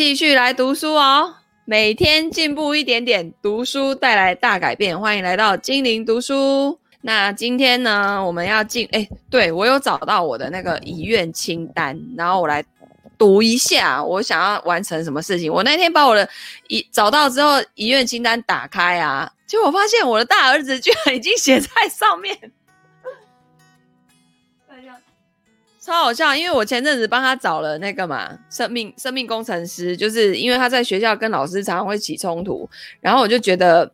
繼續來讀書哦，每天進步一點點，讀書帶來大改變。歡迎來到精靈讀書。那今天呢，我們要進，哎，對，我有找到我的那個遺願清單，然後我來讀一下，我想要完成什麼事情。我那天把我的遺找到之後，遺願清單打開啊，結果我發現我的大兒子居然已經寫在上面。超好笑，因為我前陣子幫他找了那個嘛，生命生命工程師，就是因為他在學校跟老師常常會起衝突，然後我就覺得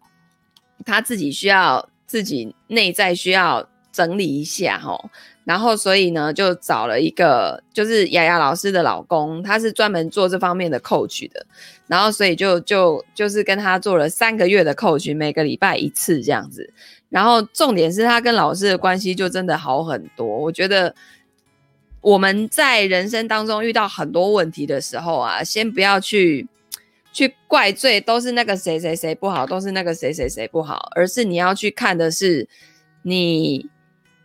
他自己需要自己內在需要整理一下吼、哦，然後所以呢就找了一個就是雅雅老師的老公，他是專門做這方面的 coach 的，然後所以就就就是跟他做了三個月的 coach，每個禮拜一次這樣子，然後重點是他跟老師的關係就真的好很多，我覺得。我們在人生當中遇到很多問題的時候啊，先不要去去怪罪，都是那個誰誰誰不好，都是那個誰誰誰不好，而是你要去看的是你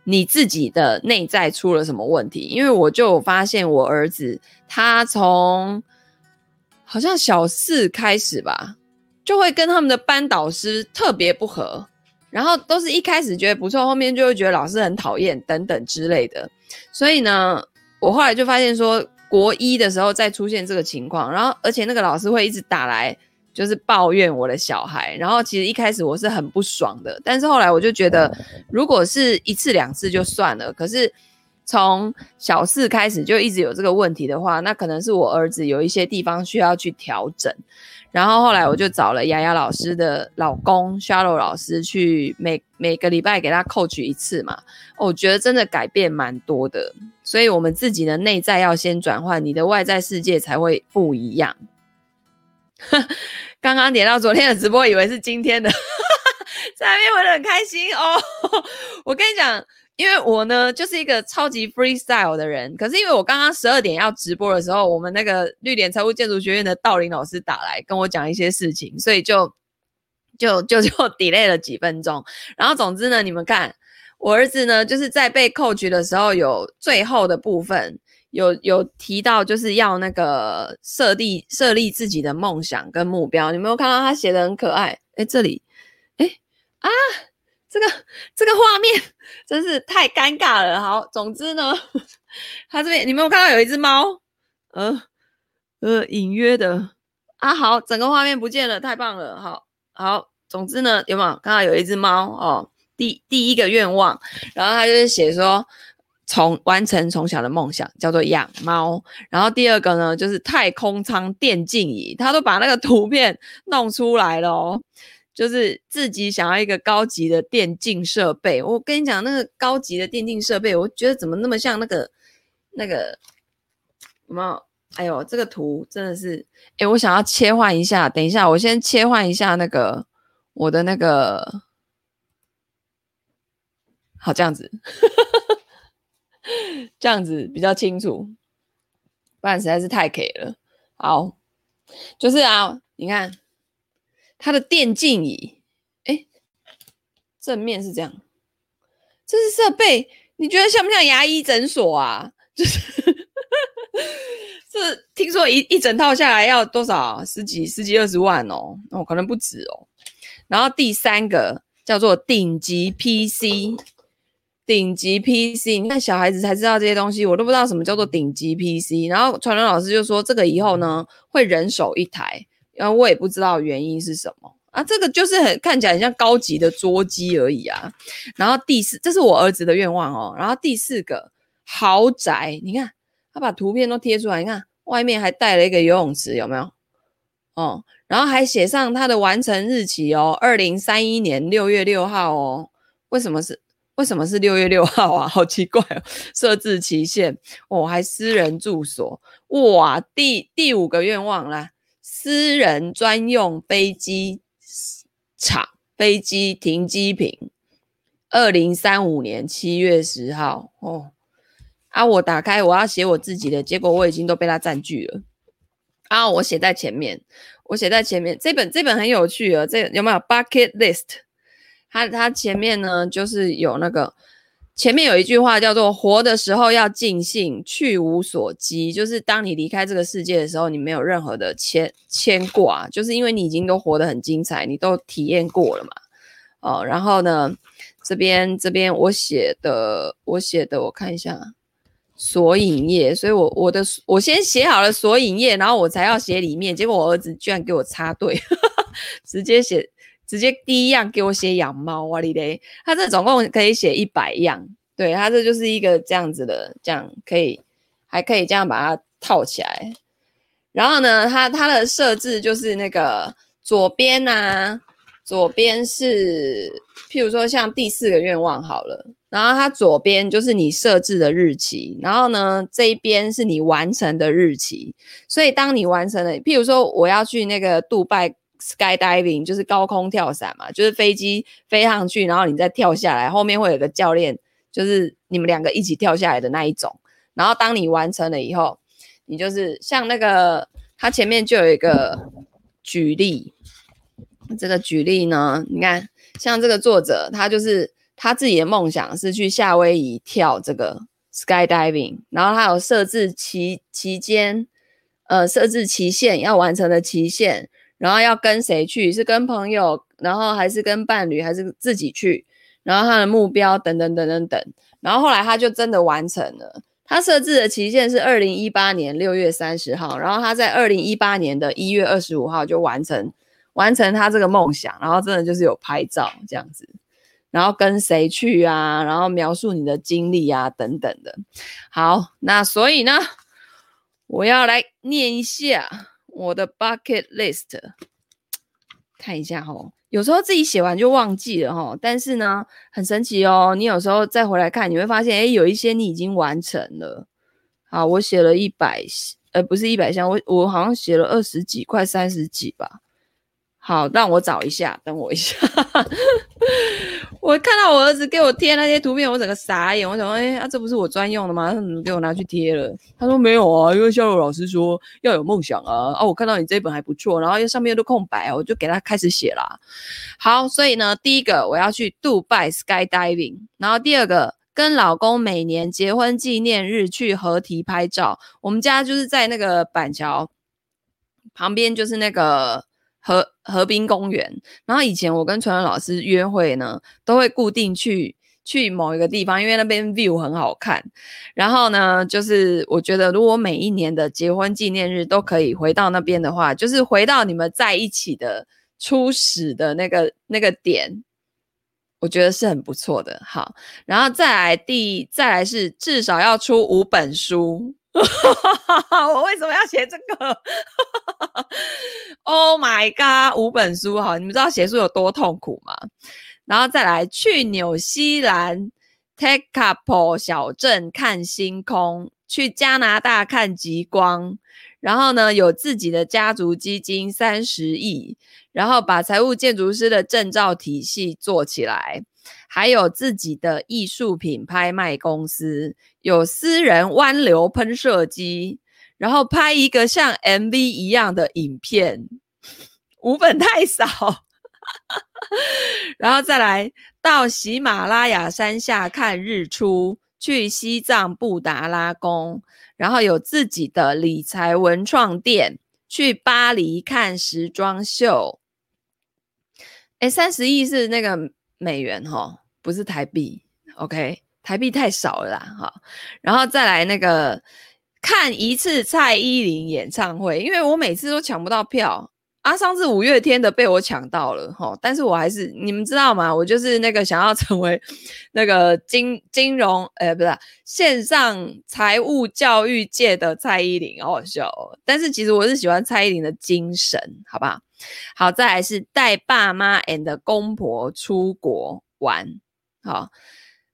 你自己的內在出了什麼問題。因為我就發現我兒子他從好像小四開始吧，就會跟他們的班導師特別不合，然後都是一開始覺得不錯，後面就會覺得老師很討厭等等之類的，所以呢。我後來就發現說，國一的時候再出現這個情況，然後而且那個老師會一直打來，就是抱怨我的小孩。然後其實一開始我是很不爽的，但是後來我就覺得，如果是一次兩次就算了，可是從小四開始就一直有這個問題的話，那可能是我兒子有一些地方需要去調整。然後後來我就找了雅雅老師的老公 Shallow 老師去每每個禮拜給他 coach 一次嘛，我覺得真的改變蠻多的。所以我們自己的內在要先轉換，你的外在世界才會不一樣。 剛剛點到昨天的直播，以為是今天的， 在那邊玩的很開心哦。 我跟你講，因為我呢就是一個超級 freestyle 的人，可是因為我剛剛十二點要直播的時候，我們那個綠點財務建築學院的道林老師打來跟我講一些事情，所以就就就就，就 delay 了幾分鐘。然後總之呢，你們看。我兒子呢，就是在被 coach 的時候，有最後的部分，有有提到就是要那個設立設立自己的夢想跟目標。你沒有看到他寫的很可愛？誒這裡，誒啊，這個這個畫面真是太尷尬了。好，總之呢，他這邊你沒有看到有一隻貓，呃呃，隱約的啊。好，整個畫面不見了，太棒了。好，好，總之呢，有沒有看到有一隻貓哦？第第一個願望，然後他就是寫說，從完成從小的夢想叫做養貓。然後第二個呢，就是太空艙電競椅，他都把那個圖片弄出來了哦，就是自己想要一個高級的電競設備。我跟你講，那個高級的電競設備，我覺得怎麼那麼像那個那個什麼？哎呦，這個圖真的是，哎、欸，我想要切換一下，等一下，我先切換一下那個我的那個。好，這樣子，這樣子比較清楚，不然實在是太 K 了。好，就是啊，你看它的電競椅，誒，正面是這樣，這是設備，你覺得像不像牙醫診所啊？就是，這聽說一一整套下來要多少？十幾、十幾、二十萬哦，那我可能不止哦。然後第三個叫做頂級 PC。頂級 PC，你看小孩子才知道這些東西，我都不知道什麼叫做頂級 PC。然後傳良老師就說，這個以後呢會人手一台，然後我也不知道原因是什麼啊。這個就是很看起來很像高級的桌機而已啊。然後第四，這是我兒子的願望哦。然後第四個豪宅，你看他把圖片都貼出來，你看外面還帶了一個游泳池有沒有？哦，然後還寫上他的完成日期哦，二零三一年六月六號哦。為什麼是？為什麼是六月六號啊？好奇怪哦！設置期限哦，還私人住所哇！第第五個願望啦，私人專用飛機場、飛機停機坪，二零三五年七月十號哦。啊，我打開我要寫我自己的，結果我已經都被他占據了啊！我寫在前面，我寫在前面。這本這本很有趣哦，這有沒有 bucket list？他他前面呢，就是有那個前面有一句話叫做“活的時候要盡興，去無所羈”。就是當你離開這個世界的時候，你沒有任何的牽牽掛，就是因為你已經都活得很精彩，你都體驗過了嘛。哦，然後呢，這邊這邊我寫的我寫的，我看一下索引頁，所以我我的我先寫好了索引頁，然後我才要寫裡面，結果我兒子居然給我插隊，呵呵直接寫。直接第一樣給我寫養貓啊，你嘞！他這總共可以寫一百樣，對，它這就是一個這樣子的，這樣可以還可以這樣把它套起來。然後呢，它它的設置就是那個左邊呢，左邊是譬如說像第四個願望好了，然後它左邊就是你設置的日期，然後呢這一邊是你完成的日期。所以當你完成了，譬如說我要去那個杜拜。Skydiving 就是高空跳傘嘛，就是飛機飛上去，然後你再跳下來，後面會有個教練，就是你們兩個一起跳下來的那一種。然後當你完成了以後，你就是像那個，他前面就有一個舉例，這個舉例呢，你看像這個作者，他就是他自己的夢想是去夏威夷跳這個 skydiving，然後他有設置期期間，呃，設置期限，要完成的期限。然後要跟誰去？是跟朋友，然後還是跟伴侶，還是自己去？然後他的目標等等等等等等。然後後來他就真的完成了。他設置的期限是二零一八年六月三十號，然後他在二零一八年的一月二十五號就完成完成他這個夢想。然後真的就是有拍照這樣子。然後跟誰去啊？然後描述你的經歷啊，等等的。好，那所以呢，我要來念一下。我的 bucket list 看一下哦，有時候自己寫完就忘記了哦，但是呢，很神奇哦、喔，你有時候再回來看，你會發現，哎、欸，有一些你已經完成了。好，我寫了一百，呃、欸，不是一百項，我我好像寫了二十幾，快三十幾吧。好，讓我找一下，等我一下。 我看到我兒子給我貼那些圖片，我整個傻眼。我想說，誒、哎、啊，這不是我專用的嗎？他怎麼給我拿去貼了？他說沒有啊，因為夏柔老師說要有夢想啊。哦、啊，我看到你這本還不錯，然後又上面又都空白，我就給他開始寫啦。好，所以呢，第一個我要去杜拜 skydiving，然後第二個跟老公每年結婚紀念日去河堤拍照。我們家就是在那個板橋旁邊，就是那個河。河濱公園。然後以前我跟純純老師約會呢，都會固定去去某一個地方，因為那邊 view 很好看。然後呢，就是我覺得如果每一年的結婚紀念日都可以回到那邊的話，就是回到你們在一起的初始的那個那個點，我覺得是很不錯的。好，然後再來第再來是至少要出五本書。 我為什麼要寫這個 ？Oh my god，五本書哈！你們知道寫書有多痛苦嗎？然後再來去紐西蘭 Tekapo 小鎮看星空，去加拿大看極光，然後呢，有自己的家族基金三十億，然後把財務建築師的證照體系做起來。還有自己的藝術品拍賣公司，有私人灣流噴射機，然後拍一個像 MV 一樣的影片，五本太少， 然後再來到喜馬拉雅山下看日出，去西藏布達拉宮，然後有自己的理財文創店，去巴黎看時裝秀。哎，三十億是那個。美元哈、哦，不是台幣，OK，台幣太少了啦，哈，然後再來那個看一次蔡依林演唱會，因為我每次都搶不到票。啊，上次五月天的，被我搶到了齁，但是我還是你們知道嗎？我就是那個想要成為那個金金融，呃，不是、啊、線上財務教育界的蔡依林，好笑哦。但是其實我是喜歡蔡依林的精神，好吧？好，再來是帶爸媽 and 公婆出國玩，好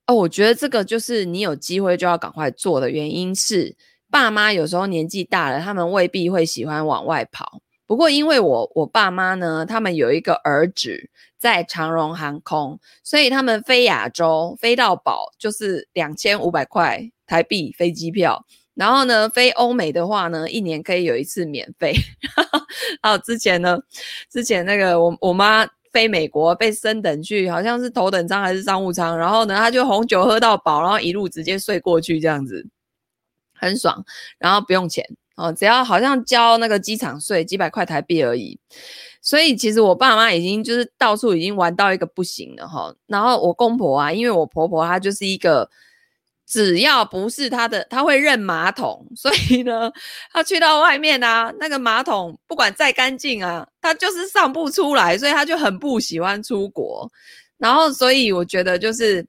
哦。我覺得這個就是你有機會就要趕快做的原因是，爸媽有時候年紀大了，他們未必會喜歡往外跑。不過，因為我我爸媽呢，他們有一個兒子在長榮航空，所以他們飛亞洲飛到飽，就是兩千五百塊台幣飛機票。然後呢，飛歐美的話呢，一年可以有一次免費。還有之前呢，之前那個我我媽飛美國被升等去，好像是頭等艙還是商務艙。然後呢，她就紅酒喝到飽，然後一路直接睡過去，這樣子很爽，然後不用錢。哦，只要好像交那個機場稅幾百塊台幣而已，所以其實我爸媽已經就是到處已經玩到一個不行了齁。然後我公婆啊，因為我婆婆她就是一個，只要不是她的，她會認馬桶，所以呢，她去到外面啊，那個馬桶不管再乾淨啊，她就是上不出來，所以她就很不喜歡出國。然後所以我覺得就是。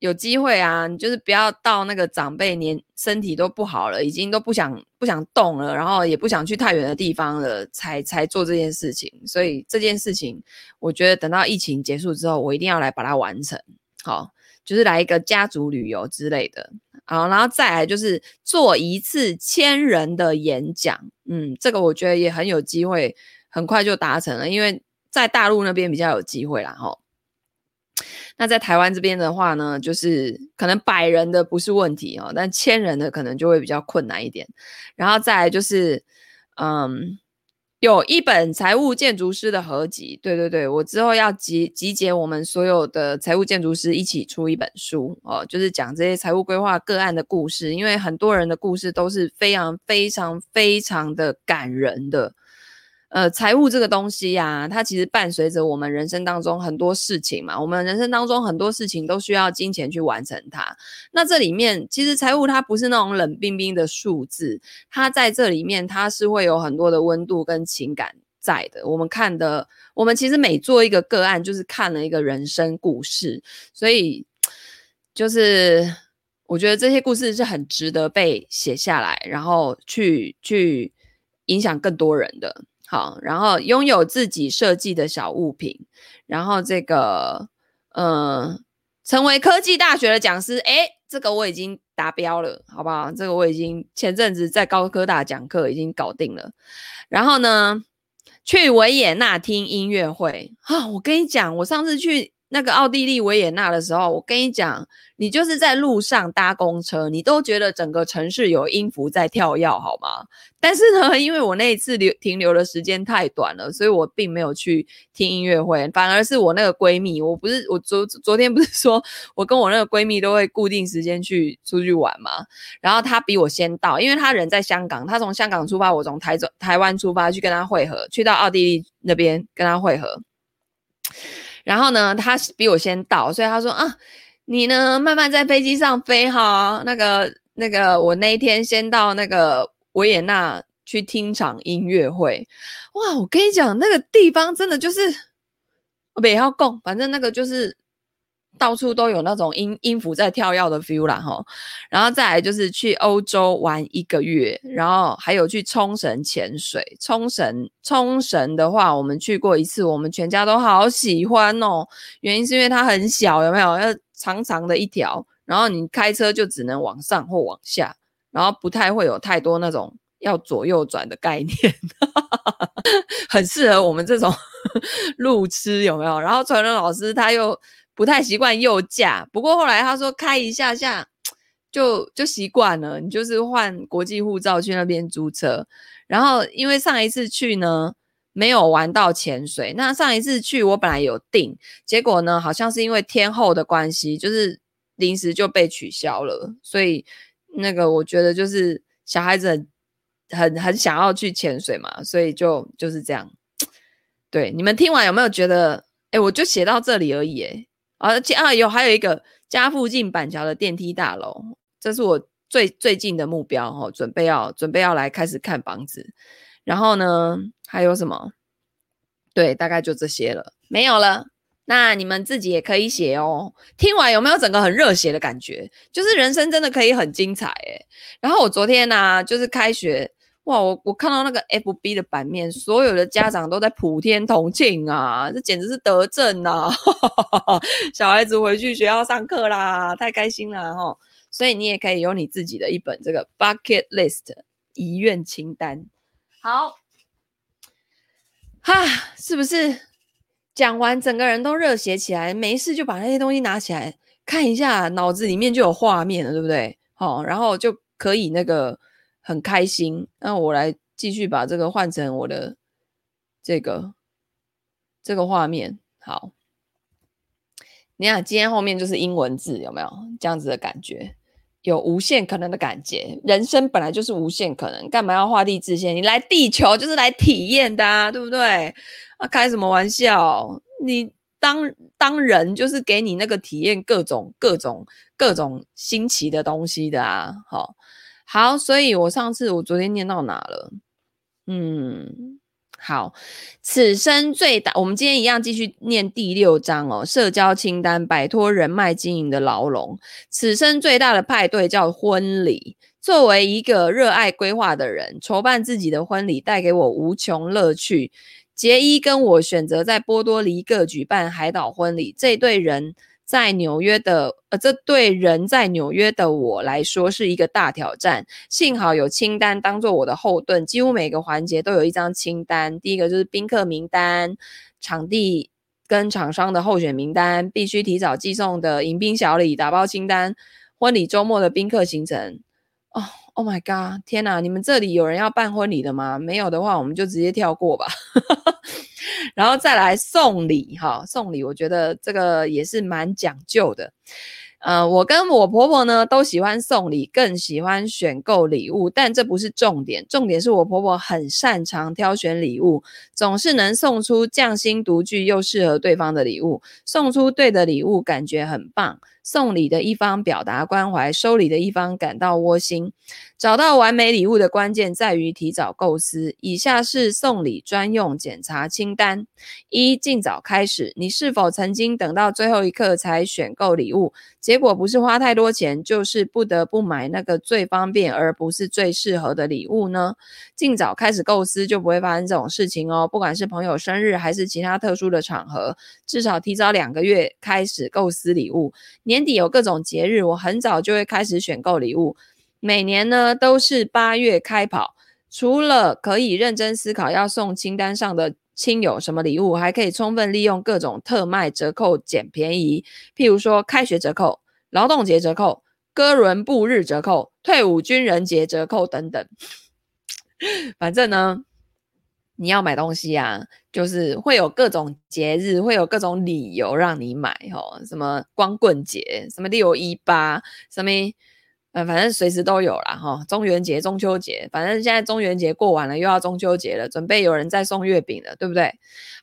有機會啊，你就是不要到那個長輩連身體都不好了，已經都不想不想動了，然後也不想去太遠的地方了，才才做這件事情。所以這件事情，我覺得等到疫情結束之後，我一定要來把它完成。好，就是來一個家族旅遊之類的。好，然後再來就是做一次千人的演講。嗯，這個我覺得也很有機會，很快就達成了，因為在大陸那邊比較有機會啦。齁。那在台灣這邊的話呢，就是可能百人的不是問題哦，但千人的可能就會比較困難一點。然後再來就是，嗯，有一本財務建築師的合集，對對對，我之後要集集結我們所有的財務建築師一起出一本書哦，就是講這些財務規劃個案的故事，因為很多人的故事都是非常非常非常的感人的。呃，財務這個東西呀，它其實伴隨着我們人生當中很多事情嘛。我們人生當中很多事情都需要金錢去完成它。那這裡面其實財務它不是那種冷冰冰的數字，它在這裡面它是會有很多的溫度跟情感在的。我們看的，我們其實每做一個個案，就是看了一個人生故事。所以，就是我覺得這些故事是很值得被寫下來，然後去去影響更多人的。好，然後擁有自己設計的小物品，然後這個，嗯、呃，成為科技大學的講師，誒，這個我已經達標了，好不好？這個我已經前陣子在高科大講課已經搞定了，然後呢，去維也納聽音樂會啊！我跟你講，我上次去。那個奧地利維也納的時候，我跟你講，你就是在路上搭公車，你都覺得整個城市有音符在跳躍，好嗎？但是呢，因為我那一次留停留的時間太短了，所以我並沒有去聽音樂會，反而是我那個閨蜜。我不是我昨昨天不是說我跟我那個閨蜜都會固定時間去出去玩嗎？然後她比我先到，因為她人在香港，她從香港出發，我從台州台灣出發去跟她會合，去到奧地利那邊跟她會合。然後呢，他比我先到，所以他說啊，你呢慢慢在飛機上飛哈、啊。那個那個，我那一天先到那個維也納去聽場音樂會。哇，我跟你講，那個地方真的就是，不也要供，反正那個就是。到處都有那種音音符在跳躍的 feel 啦吼，然後再來就是去歐洲玩一個月，然後還有去沖繩潛水。沖繩沖繩的話，我們去過一次，我們全家都好喜歡哦。原因是因為它很小，有沒有？要長長的一條，然後你開車就只能往上或往下，然後不太會有太多那種要左右轉的概念， 很適合我們這種 路痴？有沒有？然後傳染老師他又不太習慣右駕，不過後來他說，開一下下就就習慣了。你就是換國際護照去那邊租車，然後因為上一次去呢沒有玩到潛水。那上一次去我本來有訂，結果呢好像是因為天候的關係，就是臨時就被取消了。所以那個我覺得就是小孩子很很，很想要去潛水嘛，所以就就是這樣。對，你們聽完有沒有覺得？誒，欸，我就寫到這裡而已，欸，誒。而且啊，有還有一個家附近板橋的電梯大樓，這是我最最近的目標哦，準備要準備要來開始看房子。然後呢，還有什麼？對，大概就這些了，沒有了。那你們自己也可以寫哦。聽完有沒有整個很熱血的感覺？就是人生真的可以很精彩誒、欸。然後我昨天呢、啊，就是開學。哇，我我看到那個 FB 的版面，所有的家長都在普天同慶啊！這簡直是德政啊呵呵呵！小孩子回去學校上課啦，太開心了哈！所以你也可以有你自己的一本這個 bucket list 遺願清單。好，哈，是不是講完整個人都熱血起來？沒事就把那些東西拿起來看一下，腦子裡面就有畫面了，對不對？好，然後就可以那個。很開心，那我來繼續把這個換成我的這個這個畫面。好，你看今天後面就是英文字，有沒有這樣子的感覺？有無限可能的感覺，人生本來就是無限可能，幹嘛要畫地自限？你來地球就是來體驗的啊，對不對？啊，開什麼玩笑？你當當人就是給你那個體驗各種各種各種新奇的東西的啊，好。好，所以我上次我昨天念到哪了？嗯，好，此生最大，我們今天一樣繼續念第六章哦。社交清單，擺脫人脈經營的牢籠。此生最大的派對叫婚禮。作為一個熱愛規劃的人，籌辦自己的婚禮帶給我無窮樂趣。傑伊跟我選擇在波多黎各舉辦海島婚禮，這對人。在紐約的，呃，這對人在紐約的我來說是一個大挑戰。幸好有清單當做我的後盾，幾乎每個環節都有一張清單。第一個就是賓客名單、場地跟廠商的候選名單，必須提早寄送的迎賓小禮、打包清單、婚禮周末的賓客行程。哦 oh，Oh my God，天哪！你們這裡有人要辦婚禮的嗎？沒有的話，我們就直接跳過吧。 然後再來送禮，哈，送禮，我覺得這個也是蠻講究的。嗯、呃，我跟我婆婆呢都喜歡送禮，更喜歡選購禮物，但這不是重點，重點是我婆婆很擅長挑選禮物，總是能送出匠心獨具又適合對方的禮物，送出對的禮物，感覺很棒。送禮的一方表達關懷，收禮的一方感到窩心。找到完美禮物的關鍵在於提早構思。以下是送禮專用檢查清單：一、盡早開始。你是否曾經等到最後一刻才選購禮物？結果不是花太多錢，就是不得不買那個最方便而不是最適合的禮物呢？盡早開始構思，就不會發生這種事情哦。不管是朋友生日還是其他特殊的場合，至少提早兩個月開始構思禮物。年底有各種節日，我很早就會開始選購禮物。每年呢都是八月開跑，除了可以認真思考要送清單上的親友什麼禮物，還可以充分利用各種特賣折扣、撿便宜。譬如說，開學折扣、勞動節折扣、哥倫布日折扣、退伍軍人節折扣等等。反正呢。你要買東西啊，就是會有各種節日，會有各種理由讓你買吼，什麼光棍節，什麼六一八，什麼，呃，反正隨時都有啦。哈。中元節、中秋節，反正現在中元節過完了，又要中秋節了，準備有人再送月餅了，對不對？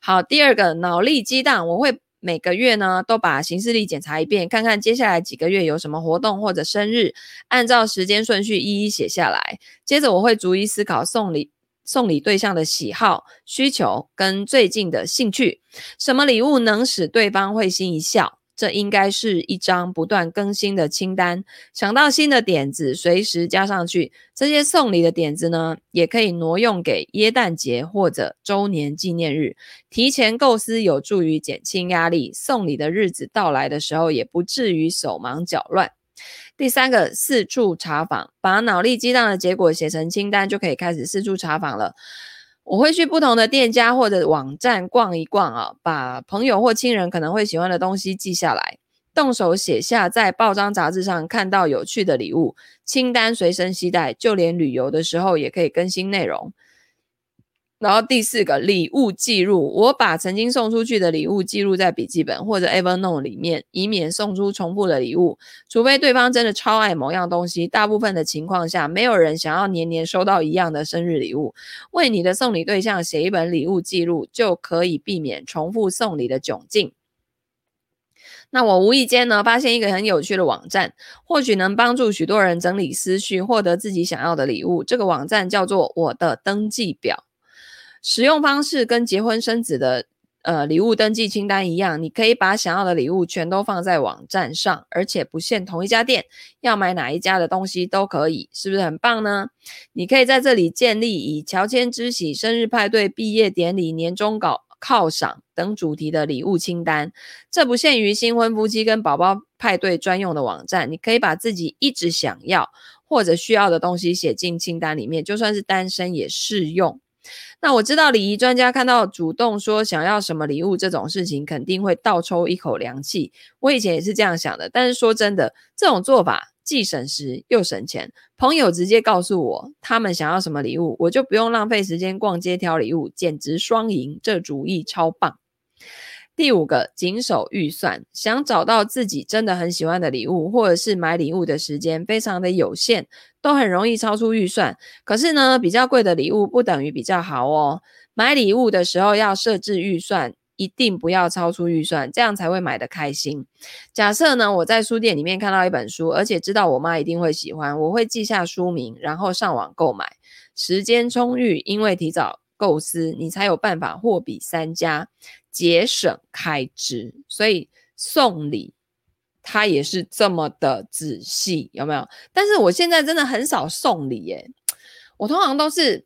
好，第二個腦力激盪，我會每個月呢都把行事曆檢查一遍，看看接下來幾個月有什麼活動或者生日，按照時間順序一一寫下來，接着我會逐一思考送禮。送禮對象的喜好、需求跟最近的興趣，什麼禮物能使對方會心一笑？這應該是一張不斷更新的清單，想到新的點子隨時加上去。這些送禮的點子呢，也可以挪用給耶誕節或者周年紀念日。提前構思有助於減輕壓力，送禮的日子到來的時候也不至於手忙腳亂。第三個，四處查訪，把腦力激盪的結果寫成清單，就可以開始四處查訪了。我會去不同的店家或者網站逛一逛啊，把朋友或親人可能會喜歡的東西記下來，動手寫下在報章雜誌上看到有趣的禮物清單，隨身攜帶，就連旅遊的時候也可以更新內容。然後第四個禮物記錄，我把曾經送出去的禮物記錄在筆記本或者 Evernote 裡面，以免送出重複的禮物。除非對方真的超愛某樣東西，大部分的情況下，沒有人想要年年收到一樣的生日禮物。為你的送禮對象寫一本禮物記錄，就可以避免重複送禮的窘境。那我無意間呢，發現一個很有趣的網站，或許能幫助許多人整理思緒，獲得自己想要的禮物。這個網站叫做我的登記表。使用方式跟結婚生子的呃禮物登記清單一樣，你可以把想要的禮物全都放在網站上，而且不限同一家店，要買哪一家的東西都可以，是不是很棒呢？你可以在這裡建立以喬遷之喜、生日派對、畢業典禮、年終稿犒賞等主題的禮物清單，這不限於新婚夫妻跟寶寶派對專用的網站，你可以把自己一直想要或者需要的東西寫進清單裡面，就算是單身也適用。那我知道禮儀專家看到主動說想要什麼禮物這種事情，肯定會倒抽一口涼氣。我以前也是這樣想的，但是說真的，這種做法既省時又省錢。朋友直接告訴我他們想要什麼禮物，我就不用浪費時間逛街挑禮物，簡直雙贏。這主意超棒。第五個，謹守預算。想找到自己真的很喜歡的禮物，或者是買禮物的時間非常的有限，都很容易超出預算。可是呢，比較貴的禮物不等於比較好哦。買禮物的時候要設置預算，一定不要超出預算，這樣才會買得開心。假設呢，我在書店裡面看到一本書，而且知道我媽一定會喜歡，我會記下書名，然後上網購買。時間充裕，因為提早構思，你才有辦法貨比三家。節省開支，所以送禮他也是這麼的仔細，有沒有？但是我現在真的很少送禮耶，我通常都是，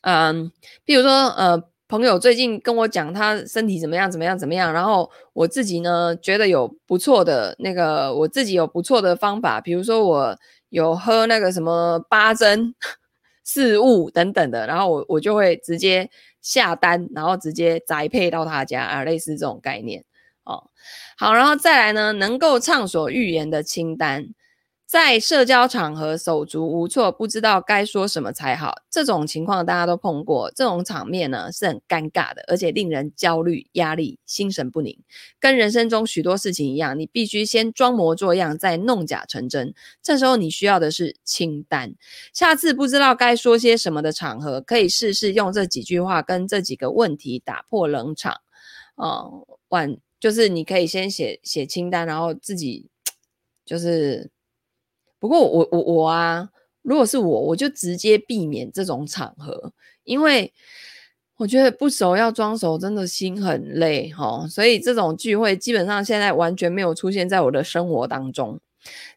嗯，比如說，呃，朋友最近跟我講他身體怎麼樣，怎麼樣，怎麼樣，然後我自己呢，覺得有不錯的那個，我自己有不錯的方法，比如說，我有喝那個什麼八珍四物等等的，然後我我就會直接。下單，然後直接宅配到他家啊，類似這種概念哦。好，然後再來呢，能夠暢所欲言的清單。在社交場合手足無措，不知道該說什麼才好，這種情況大家都碰過。這種場面呢是很尷尬的，而且令人焦慮、壓力、心神不寧。跟人生中許多事情一樣，你必須先裝模作樣，再弄假成真。這時候你需要的是清單。下次不知道該說些什麼的場合，可以試試用這幾句話跟這幾個問題打破冷場。嗯，完就是你可以先寫寫清單，然後自己就是。不過我我我啊，如果是我，我就直接避免這種場合，因為我覺得不熟要裝熟，真的心很累哦，所以這種聚會基本上現在完全沒有出現在我的生活當中。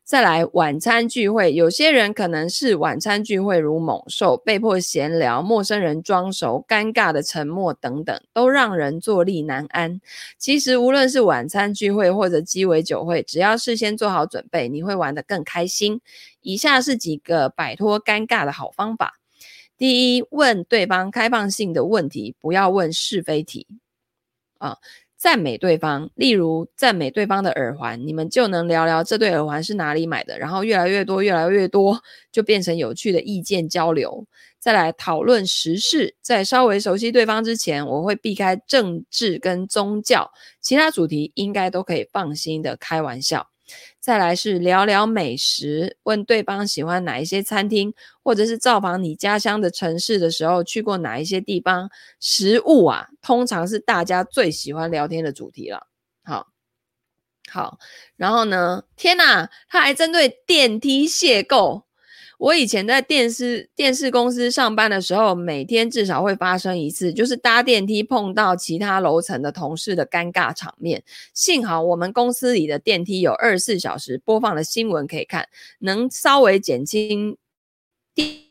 再來晚餐聚會，有些人可能視晚餐聚會如猛獸，被迫閒聊，陌生人裝熟，尷尬的沉默等等，都讓人坐立難安。其實無論是晚餐聚會或者雞尾酒會，只要事先做好準備，你會玩得更開心。以下是幾個擺脫尷尬的好方法：第一，問對方開放性的問題，不要問是非題啊。讚美對方，例如讚美對方的耳環，你們就能聊聊這對耳環是哪裡買的，然後越來越多，越來越多就變成有趣的意見交流。再來討論時事，在稍微熟悉對方之前，我會避開政治跟宗教，其他主題應該都可以放心的開玩笑。再來是聊聊美食，問對方喜歡哪一些餐廳，或者是造訪你家鄉的城市的時候，去過哪一些地方。食物啊，通常是大家最喜歡聊天的主題了。好好，然後呢？天吶、啊，他還針對電梯械構。我以前在電視電視公司上班的時候，每天至少會發生一次，就是搭電梯碰到其他樓層的同事的尷尬場面。幸好我們公司裡的電梯有二十四小時播放的新聞可以看，能稍微減輕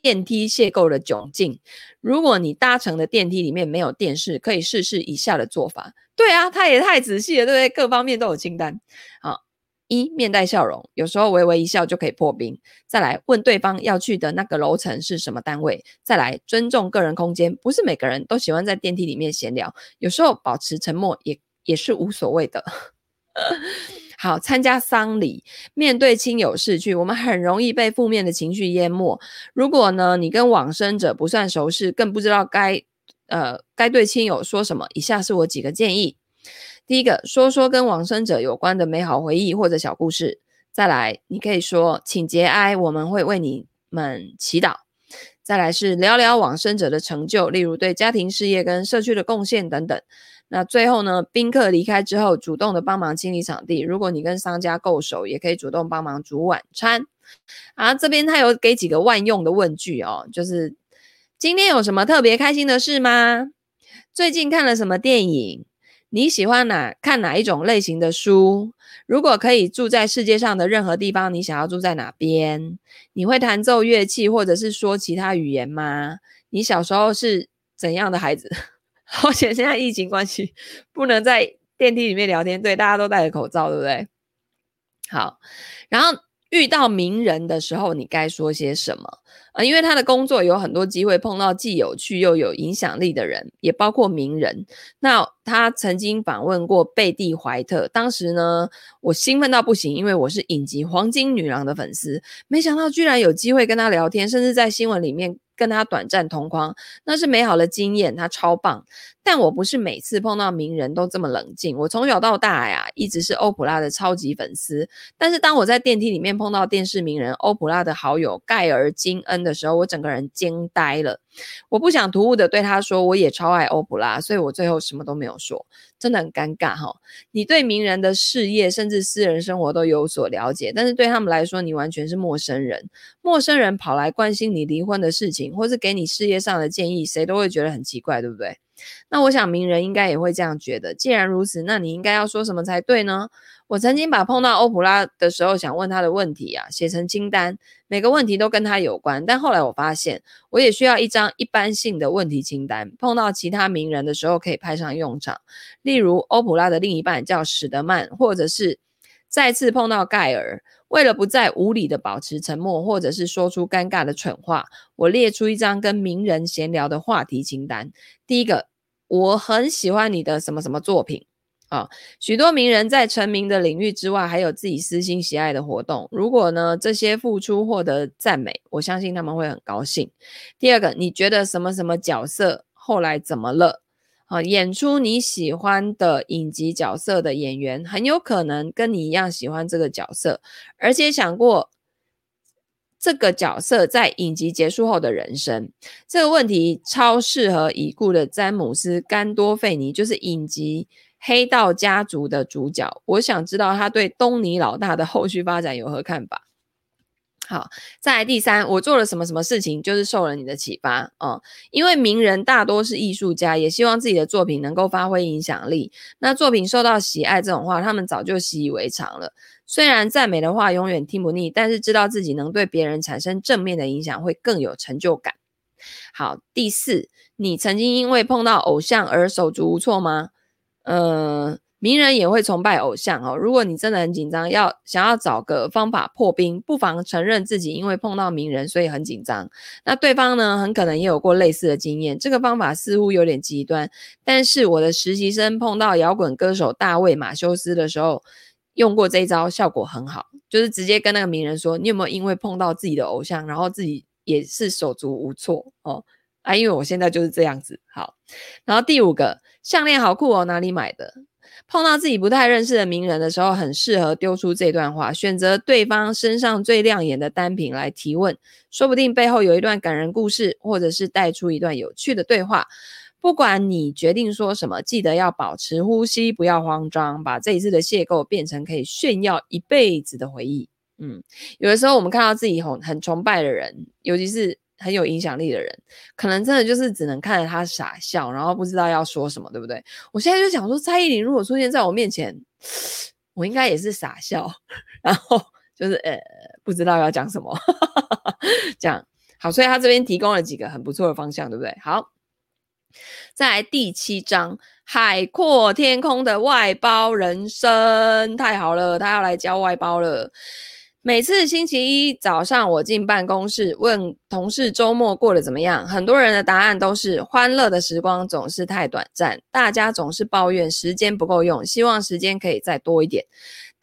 電梯邂逅的窘境。如果你搭乘的電梯裡面沒有電視，可以試試以下的做法。對啊，他也太仔細了，對不對？各方面都有清單，啊。一面帶笑容，有時候微微一笑就可以破冰。再來問對方要去的那個樓層是什麼單位。再來尊重個人空間，不是每個人都喜歡在電梯裡面閒聊。有時候保持沉默也也是無所謂的。 好，參加喪禮，面對親友逝去，我們很容易被負面的情緒淹沒。如果呢，你跟往生者不算熟識，更不知道該呃該對親友說什麼。以下是我幾個建議。第一個，說說跟往生者有關的美好回憶或者小故事。再來，你可以說“請節哀”，我們會為你們祈禱。再來是聊聊往生者的成就，例如對家庭、事業跟社區的貢獻等等。那最後呢，賓客離開之後，主動的幫忙清理場地。如果你跟商家夠熟，也可以主動幫忙煮晚餐。啊，這邊他有給幾個萬用的問句哦，就是今天有什麼特別開心的事嗎？最近看了什麼電影？你喜歡哪看哪一種類型的書？如果可以住在世界上的任何地方，你想要住在哪邊？你會彈奏樂器或者是說其他語言嗎？你小時候是怎樣的孩子？ 而且現在疫情關係，不能在電梯裡面聊天，對，大家都戴着口罩，對不對？好，然後遇到名人的時候，你該說些什麼？呃，因為他的工作有很多機會碰到既有趣又有影響力的人，也包括名人。那他曾經訪問過貝蒂懷特，當時呢，我興奮到不行，因為我是影集《黃金女郎》的粉絲，沒想到居然有機會跟他聊天，甚至在新聞裡面跟他短暫同框，那是美好的經驗。他超棒，但我不是每次碰到名人都這麼冷靜。我從小到大呀、啊，一直是歐普拉的超級粉絲。但是當我在電梯裡面碰到電視名人歐普拉的好友蓋爾金恩的時候，我整個人驚呆了。我不想突兀的對他說，我也超愛歐普拉，所以我最後什麼都沒有說，真的很尷尬哈、哦。你對名人的事業甚至私人生活都有所了解，但是對他們來說，你完全是陌生人。陌生人跑來關心你離婚的事情，或是給你事業上的建議，誰都會覺得很奇怪，對不對？那我想名人應該也會這樣覺得。既然如此，那你應該要說什麼才對呢？我曾經把碰到歐普拉的時候想問他的問題啊，寫成清單，每個問題都跟他有關。但後來我發現，我也需要一張一般性的問題清單，碰到其他名人的時候可以派上用場。例如，歐普拉的另一半叫史德曼，或者是。再次碰到蓋爾，為了不再無理地保持沉默，或者是說出尷尬的蠢話，我列出一張跟名人閒聊的話題清單。第一個，我很喜歡你的什麼什麼作品啊。許多名人在成名的領域之外，還有自己私心喜愛的活動。如果呢，這些付出獲得讚美，我相信他們會很高興。第二個，你覺得什麼什麼角色後來怎麼了？啊！演出你喜歡的影集角色的演員，很有可能跟你一樣喜歡這個角色，而且想過這個角色在影集結束後的人生。這個問題超適合已故的詹姆斯·甘多費尼，就是影集《黑道家族》的主角。我想知道他對東尼老大的後續發展有何看法。好，再來第三，我做了什麼什麼事情，就是受了你的啟發啊、哦。因為名人大多是藝術家，也希望自己的作品能夠發揮影響力。那作品受到喜愛這種話，他們早就習以為常了。雖然讚美的話永遠聽不膩，但是知道自己能對別人產生正面的影響，會更有成就感。好，第四，你曾經因為碰到偶像而手足無措嗎？嗯、呃。名人也會崇拜偶像哦。如果你真的很緊張，要想要找個方法破冰，不妨承認自己因為碰到名人所以很緊張。那對方呢，很可能也有過類似的經驗。這個方法似乎有點極端，但是我的實習生碰到搖滾歌手大衛·馬修斯的時候，用過這一招，效果很好。就是直接跟那個名人說：“你有沒有因為碰到自己的偶像，然後自己也是手足無措哦？”啊，因為我現在就是這樣子。好，然後第五個項鏈好酷哦，哪裡買的？碰到自己不太認識的名人的時候，很適合丟出這段話，選擇對方身上最亮眼的單品來提問，說不定背後有一段感人故事，或者是帶出一段有趣的對話。不管你決定說什麼，記得要保持呼吸，不要慌張，把這一次的邂逅變成可以炫耀一輩子的回憶。嗯，有的時候我們看到自己很很崇拜的人，尤其是。很有影響力的人，可能真的就是只能看着他傻笑，然後不知道要說什麼，對不對？我現在就想說，蔡依林如果出現在我面前，我應該也是傻笑，然後就是呃，不知道要講什麼。 這樣好，所以他這邊提供了幾個很不錯的方向，對不對？好，再來第七章，海闊天空的外包人生，太好了，他要來教外包了。每次星期一早上，我進辦公室問同事周末過得怎麼樣，很多人的答案都是：歡樂的時光總是太短暫，大家總是抱怨時間不夠用，希望時間可以再多一點。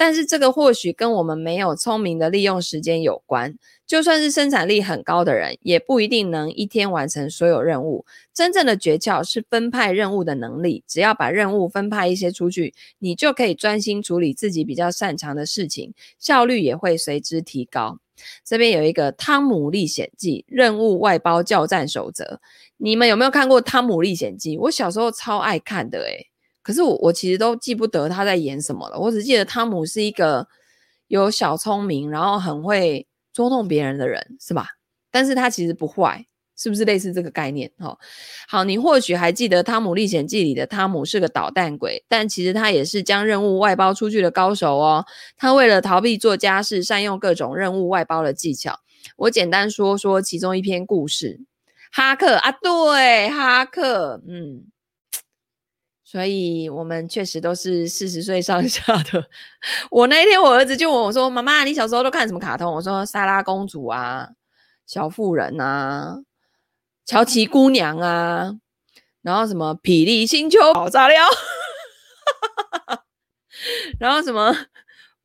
但是這個或許跟我們沒有聰明的利用時間有關。就算是生產力很高的人，也不一定能一天完成所有任務。真正的訣竅是分派任務的能力。只要把任務分派一些出去，你就可以專心處理自己比較擅長的事情，效率也會隨之提高。這邊有一個《湯姆歷險記》任務外包教戰守則。你們有沒有看過《湯姆歷險記》？我小時候超愛看的誒、欸。可是我我其實都記不得他在演什麼了，我只記得湯姆是一個有小聰明，然後很會捉弄別人的人，是吧？但是他其實不壞，是不是類似這個概念？哈、哦，好，你或許還記得《湯姆歷險記》裡的湯姆是個搗蛋鬼，但其實他也是將任務外包出去的高手哦。他為了逃避做家事，善用各種任務外包的技巧。我簡單說說其中一篇故事，哈克啊，對，哈克，嗯。所以我們確實都是四十歲上下的。我那一天，我兒子就問我說：“媽媽，你小時候都看什麼卡通？”我說：“莎拉公主啊，小婦人啊，喬琪姑娘啊，然後什麼《霹靂星球》，好炸哈然後什麼《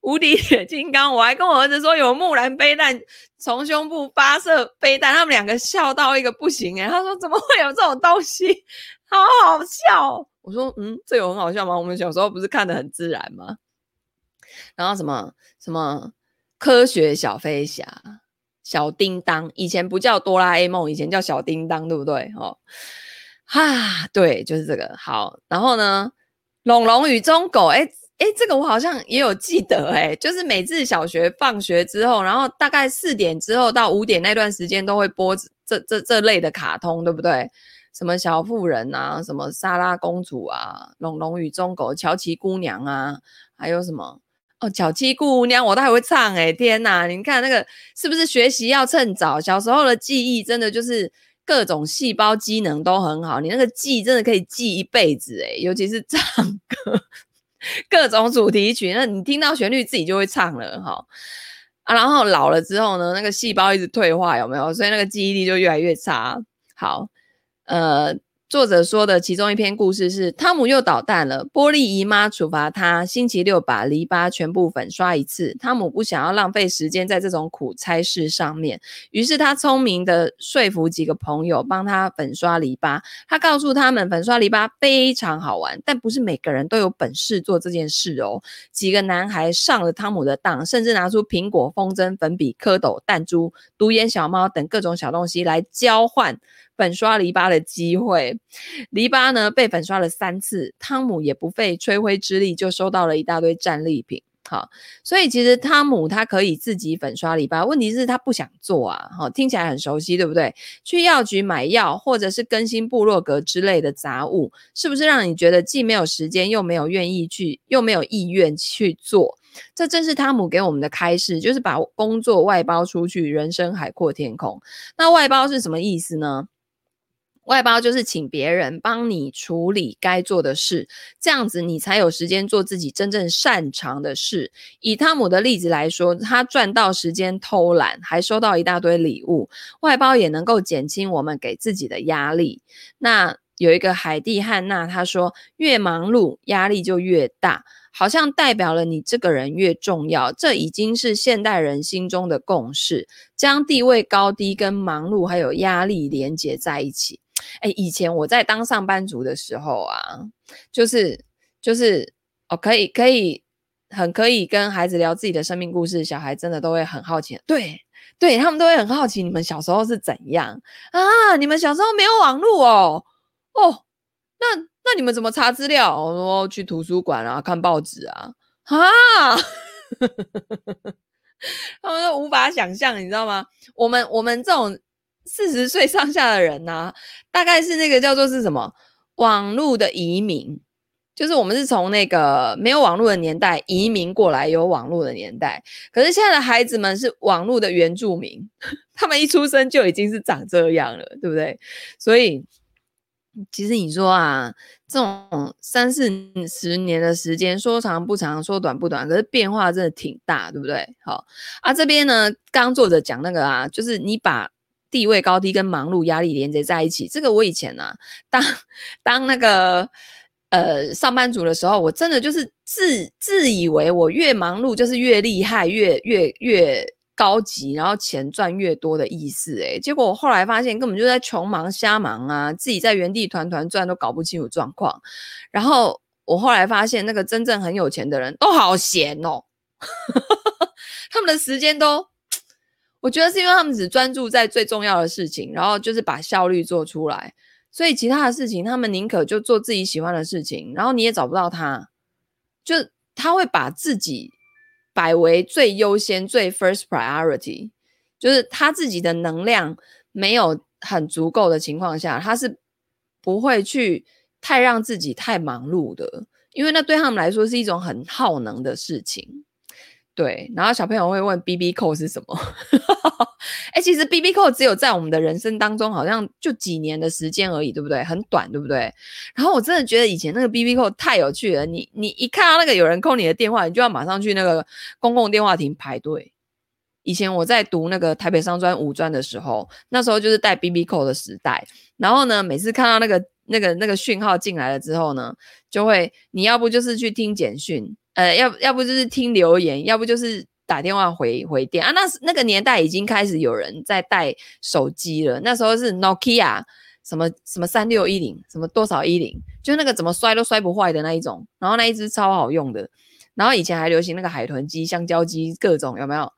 無敵鐵金剛》。我還跟我兒子說有木蘭飛彈從胸部發射飛彈，他們兩個笑到一個不行誒、哎、他說：“怎麼會有這種東西？好好笑！”我說，嗯，這有很好笑嗎？我們小時候不是看得很自然嗎？然後什麼什麼科學小飛俠、小叮當，以前不叫哆啦 A 夢，以前叫小叮當，對不對？哦、哈，啊，對，就是這個，好，然後呢，龍龍與忠狗，誒哎，這個我好像也有記得誒，誒就是每次小學放學之後，然後大概四點之後到五點那段時間，都會播這這這類的卡通，對不對？什麼小婦人啊，什麼莎拉公主啊，龍龍與忠狗，喬琪姑娘啊，還有什麼？哦，喬琪姑娘我都還會唱誒、欸，天哪，你看那個是不是學習要趁早？小時候的記憶真的就是各種細胞機能都很好，你那個記真的可以記一輩子誒、欸，尤其是唱歌，各種主題曲，那你聽到旋律自己就會唱了哈啊。然後老了之後呢，那個細胞一直退化有沒有？所以那個記憶力就越來越差。好。呃，作者說的其中一篇故事是湯姆又搗蛋了。波利姨媽處罰他，星期六把籬笆全部粉刷一次。湯姆不想要浪費時間在這種苦差事上面，於是他聰明的說服幾個朋友幫他粉刷籬笆。他告訴他們，粉刷籬笆非常好玩，但不是每個人都有本事做這件事哦。幾個男孩上了湯姆的當，甚至拿出蘋果、風箏、粉筆、蝌蚪、彈珠、獨眼小貓等各種小東西來交換。粉刷籬笆的機會，籬笆呢，被粉刷了三次，湯姆也不費吹灰之力就收到了一大堆戰利品。哈、哦，所以其實湯姆他可以自己粉刷籬笆，問題是，他不想做啊。好、哦，聽起來很熟悉，對不對？去藥局買藥，或者是更新部落格之類的雜物，是不是讓你覺得既沒有時間，又沒有願意去，又沒有意願去做？這正是湯姆給我們的開示，就是把工作外包出去，人生海闊天空。那外包是什麼意思呢？外包就是請別人幫你處理該做的事，這樣子你才有時間做自己真正擅長的事。以湯姆的例子來說，他賺到時間偷懶，還收到一大堆禮物。外包也能夠減輕我們給自己的壓力。那有一個海蒂·漢娜，她說越忙碌壓力就越大，好像代表了你這個人越重要。這已經是現代人心中的共識，將地位高低跟忙碌還有壓力連接在一起。欸，以前我在當上班族的時候啊，就是就是，哦，可以可以，很可以跟孩子聊自己的生命故事，小孩真的都會很好奇，對對，他們都會很好奇你們小時候是怎樣啊？你們小時候沒有網絡哦哦，那那你們怎麼查資料？我說去圖書館啊，看報紙啊，啊， 他們都無法想象，你知道嗎？我們我們這種。四十歲上下的人呢、啊，大概是那個叫做是什麼？網絡的移民，就是我們是從那個沒有網絡的年代移民過來有網絡的年代。可是現在的孩子們是網絡的原住民，他們一出生就已經是長這樣了，對不對？所以其實你說啊，這種三四十年的時間，說長不長，說短不短，可是變化真的挺大，對不對？好啊，這邊呢，剛剛作者講那個啊，就是你把。地位高低跟忙碌壓力連接在一起，這個我以前啊，當當那個呃上班族的時候，我真的就是自自以為我越忙碌就是越厲害，越越越高級，然後錢賺越多的意思、欸。誒，結果我後來發現根本就在窮忙瞎忙啊，自己在原地團團轉，都搞不清楚狀況。然後我後來發現，那個真正很有錢的人都好閒哦、喔， 他們的時間都。我覺得是因為他們只專注在最重要的事情，然後就是把效率做出來，所以其他的事情他們寧可就做自己喜歡的事情，然後你也找不到他，就他會把自己擺為最優先、最 first priority，就是他自己的能量沒有很足夠的情況下，他是不會去太讓自己太忙碌的，因為那對他們來說是一種很耗能的事情。對，然後小朋友會問 BB Call 是什麼？哎、 欸，其實 BB Call 只有在我們的人生當中，好像就幾年的時間而已，對不對？很短，對不對？然後我真的覺得以前那個 BB Call 太有趣了。你你一看到那個有人扣你的電話，你就要馬上去那個公共電話亭排隊。以前我在讀那個台北商專五專的時候，那時候就是帶 BB Call 的時代。然後呢，每次看到那個那個那個訊號進來了之後呢，就會你要不就是去聽簡訊。呃，要要不就是聽留言，要不就是打電話回回電啊。那那個年代已經開始有人在帶手機了。那時候是 Nokia、ok、什麼什麼三六一零，什麼多少一零，就那個怎麼摔都摔不壞的那一種。然後那一只超好用的。然後以前還流行那個海豚機、香蕉機各種，有沒有？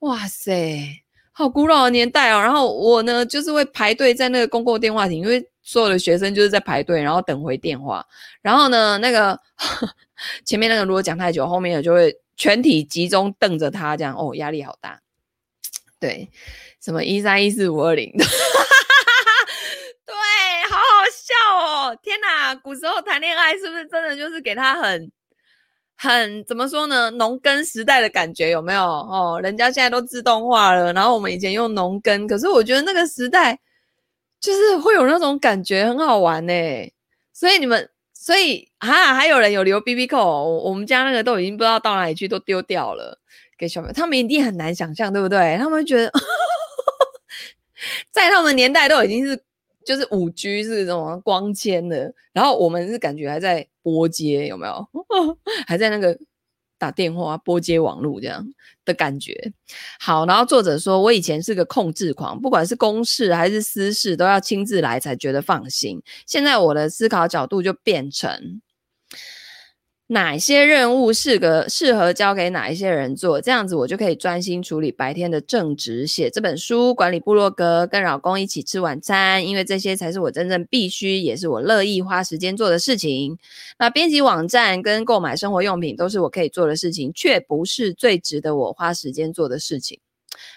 哇塞，好古老的年代哦。然後我呢，就是會排隊在那個公共電話亭，因為所有的學生就是在排隊，然後等回電話。然後呢，那個。 前面那個如果講太久，後面的就會全體集中瞪着他，這樣哦，壓力好大。對，什麼一三一四五二零，對，好好笑哦！天哪，古時候談戀愛是不是真的就是給他很很怎麼說呢？農耕時代的感覺有沒有？哦，人家現在都自動化了，然後我們以前用農耕，可是我覺得那個時代就是會有那種感覺，很好玩哎。所以你們。所以啊，還有人有留 B B 扣，我們家那個都已經不知道到哪裡去，都丟掉了。給小朋友，他們一定很難想象，對不對？他們覺得， 在他們年代都已經是就是五 G 是那種光纖的，然後我們是感覺還在撥接，有沒有？ 還在那個。打電話、撥接網絡，這樣的感覺。好，然後作者說：“我以前是個控制狂，不管是公事還是私事，都要親自來才覺得放心。現在我的思考角度就變成。”哪些任務適合適合交給哪一些人做？這樣子我就可以專心處理白天的正職，寫這本書、管理部落格、跟老公一起吃晚餐，因為這些才是我真正必須，也是我樂意花時間做的事情。那編輯網站跟購買生活用品都是我可以做的事情，卻不是最值得我花時間做的事情。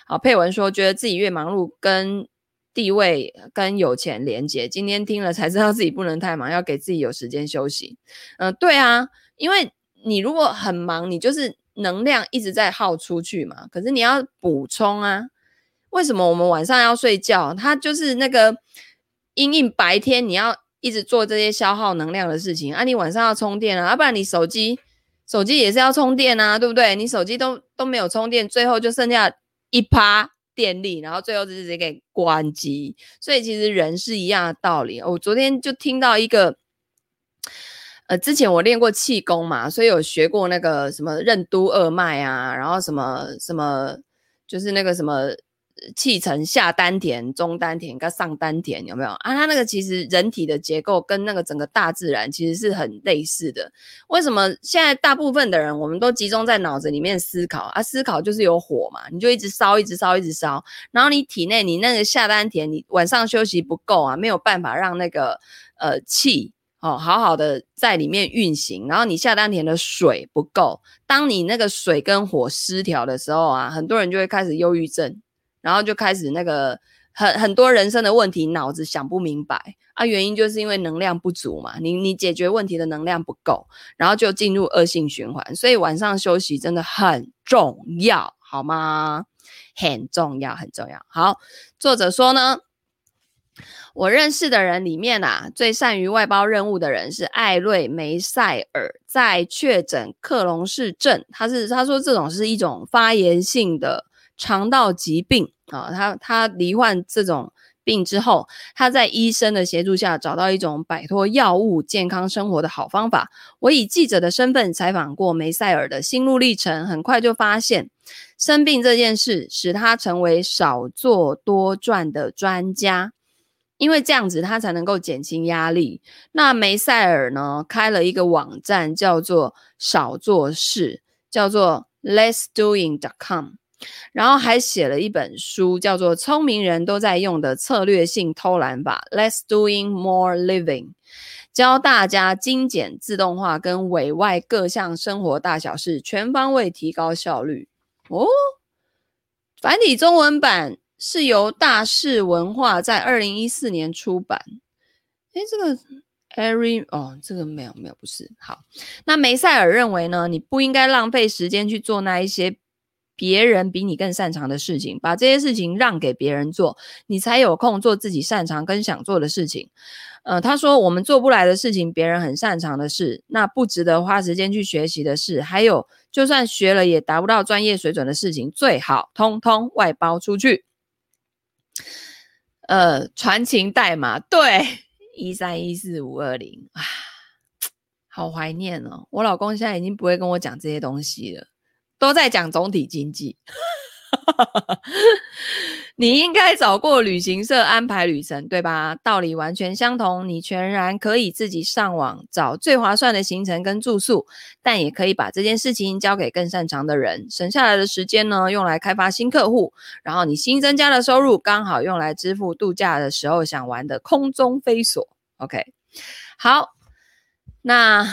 好，佩文說覺得自己越忙碌跟地位跟有錢連結，今天聽了才知道自己不能太忙，要給自己有時間休息。嗯、呃，對啊。因為你如果很忙，你就是能量一直在耗出去嘛，可是你要補充啊。為什麼我們晚上要睡覺？它就是那個，因應白天你要一直做這些消耗能量的事情，啊，你晚上要充電啊，要、啊、不然你手機手機也是要充電啊，對不對？你手機都都沒有充電，最後就剩下一趴電力，然後最後就直接給關機。所以其實人是一樣的道理。我昨天就聽到一個。呃，之前我練過氣功嘛，所以有學過那個什麼任督二脈啊，然後什麼什麼，就是那個什麼氣沉下丹田、中丹田跟上丹田有沒有啊？它那個其實人體的結構跟那個整個大自然其實是很類似的。為什麼現在大部分的人我們都集中在腦子裡面思考啊？思考就是有火嘛，你就一直燒，一直燒，一直燒。然後你體內你那個下丹田，你晚上休息不夠啊，沒有辦法讓那個，呃，氣。哦，好好的在裡面運行，然後你下丹田的水不夠，當你那個水跟火失調的時候啊，很多人就會開始憂鬱症，然後就開始那個很很多人生的問題，腦子想不明白啊，原因就是因為能量不足嘛，你你解決問題的能量不夠，然後就進入惡性循環，所以晚上休息真的很重要，好嗎？很重要，很重要。好，作者說呢。我認識的人裡面啊，最善於外包任務的人是艾瑞梅塞爾，在確診克隆氏症，他是他說這種是一種發炎性的腸道疾病啊，他他罹患這種病之後，他在醫生的協助下找到一種擺脫藥物、健康生活的好方法。我以記者的身份採訪過梅塞爾的心路歷程，很快就發現生病這件事使他成為少做多賺的專家。因為這樣子，他才能夠減輕壓力。那梅賽爾呢，開了一個網站，叫做“少做事”，叫做 lessdoing.com，然後還寫了一本書，叫做《聰明人都在用的策略性偷懶法：Less Doing More Living》，教大家精簡、自動化跟委外各項生活大小事，全方位提高效率。哦，繁體中文版。是由大是文化在二零一四年出版。哎，這個 Every 哦，這個沒有，沒有，不是，好。那梅塞爾認為呢，你不應該浪費時間去做那一些別人比你更擅長的事情，把這些事情讓給別人做，你才有空做自己擅長跟想做的事情。呃，他說，我們做不來的事情，別人很擅長的事，那不值得花時間去學習的事，還有就算學了也達不到專業水準的事情，最好通通外包出去。呃，傳情代碼對，一三一四五二零啊，好懷念哦！我老公現在已經不會跟我講這些東西了，都在講總體經濟。 你應該找過旅行社安排旅程，對吧？道理完全相同，你全然可以自己上網找最划算的行程跟住宿，但也可以把這件事情交給更擅長的人，省下來的時間呢，用來開發新客戶，然後你新增加的收入剛好用來支付度假的時候想玩的空中飛索。OK，好，那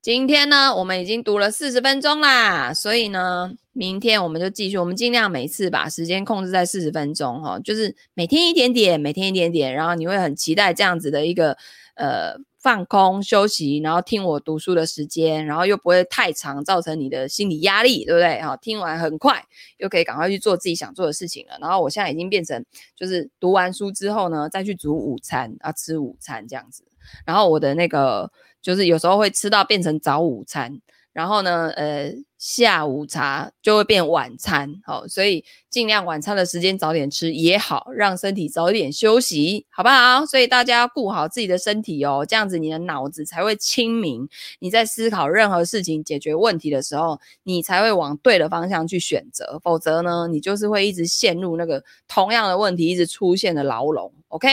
今天呢，我們已經讀了四十分鐘啦，所以呢。明天我們就繼續，我們盡量每次把時間控制在四十分鐘，哈、哦，就是每天一點點，每天一點點，然後你會很期待這樣子的一個呃放空休息，然後聽我讀書的時間，然後又不會太長，造成你的心理壓力，對不對？哈、哦，聽完很快又可以趕快去做自己想做的事情了。然後我現在已經變成就是讀完書之後呢，再去煮午餐啊，吃午餐這樣子，然後我的那個就是有時候會吃到變成早午餐，然後呢，呃。下午茶就會變晚餐，哦，所以儘量晚餐的時間早點吃也好，讓身體早一點休息，好不好？所以大家要顧好自己的身體哦，這樣子你的腦子才會清明。你在思考任何事情、解決問題的時候，你才會往對的方向去選擇。否則呢，你就是會一直陷入那個同樣的問題一直出現的牢籠。OK，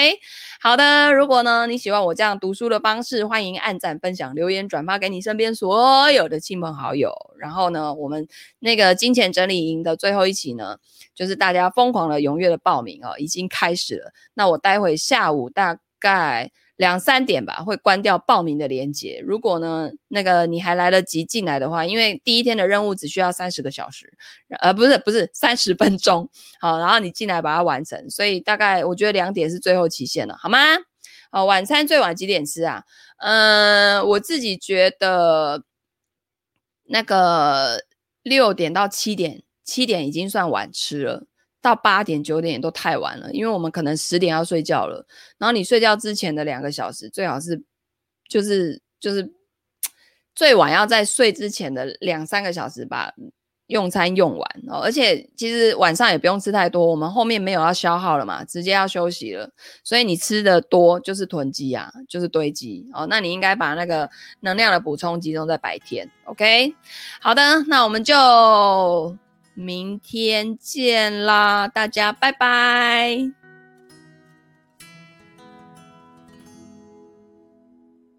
好的。如果呢，你喜歡我這樣讀書的方式，歡迎按讚、分享、留言、轉發給你身邊所有的親朋好友。然後呢，呃，我們那個金錢整理營的最後一期呢，就是大家瘋狂的踴躍的報名哦，已經開始了。那我待會下午大概兩三點吧，會關掉報名的連接。如果呢，那個你還來得及進來的話，因為第一天的任務只需要三十個小時，呃，不是不是三十分鐘，好，然後你進來把它完成。所以大概我覺得兩點是最後期限了，好嗎？好，晚餐最晚幾點吃啊？嗯、呃，我自己覺得。那個六點到七點，七點已經算晚吃了，到八點九點都太晚了，因為我們可能十點要睡覺了。然後你睡覺之前的兩個小時，最好是，就是就是最晚要在睡之前的兩三個小時吧。用餐用完哦，而且其實晚上也不用吃太多，我們後面沒有要消耗了嘛，直接要休息了。所以你吃的多就是囤積啊，就是堆積哦。那你應該把那個能量的補充集中在白天，OK？好的，那我們就明天見啦，大家拜拜。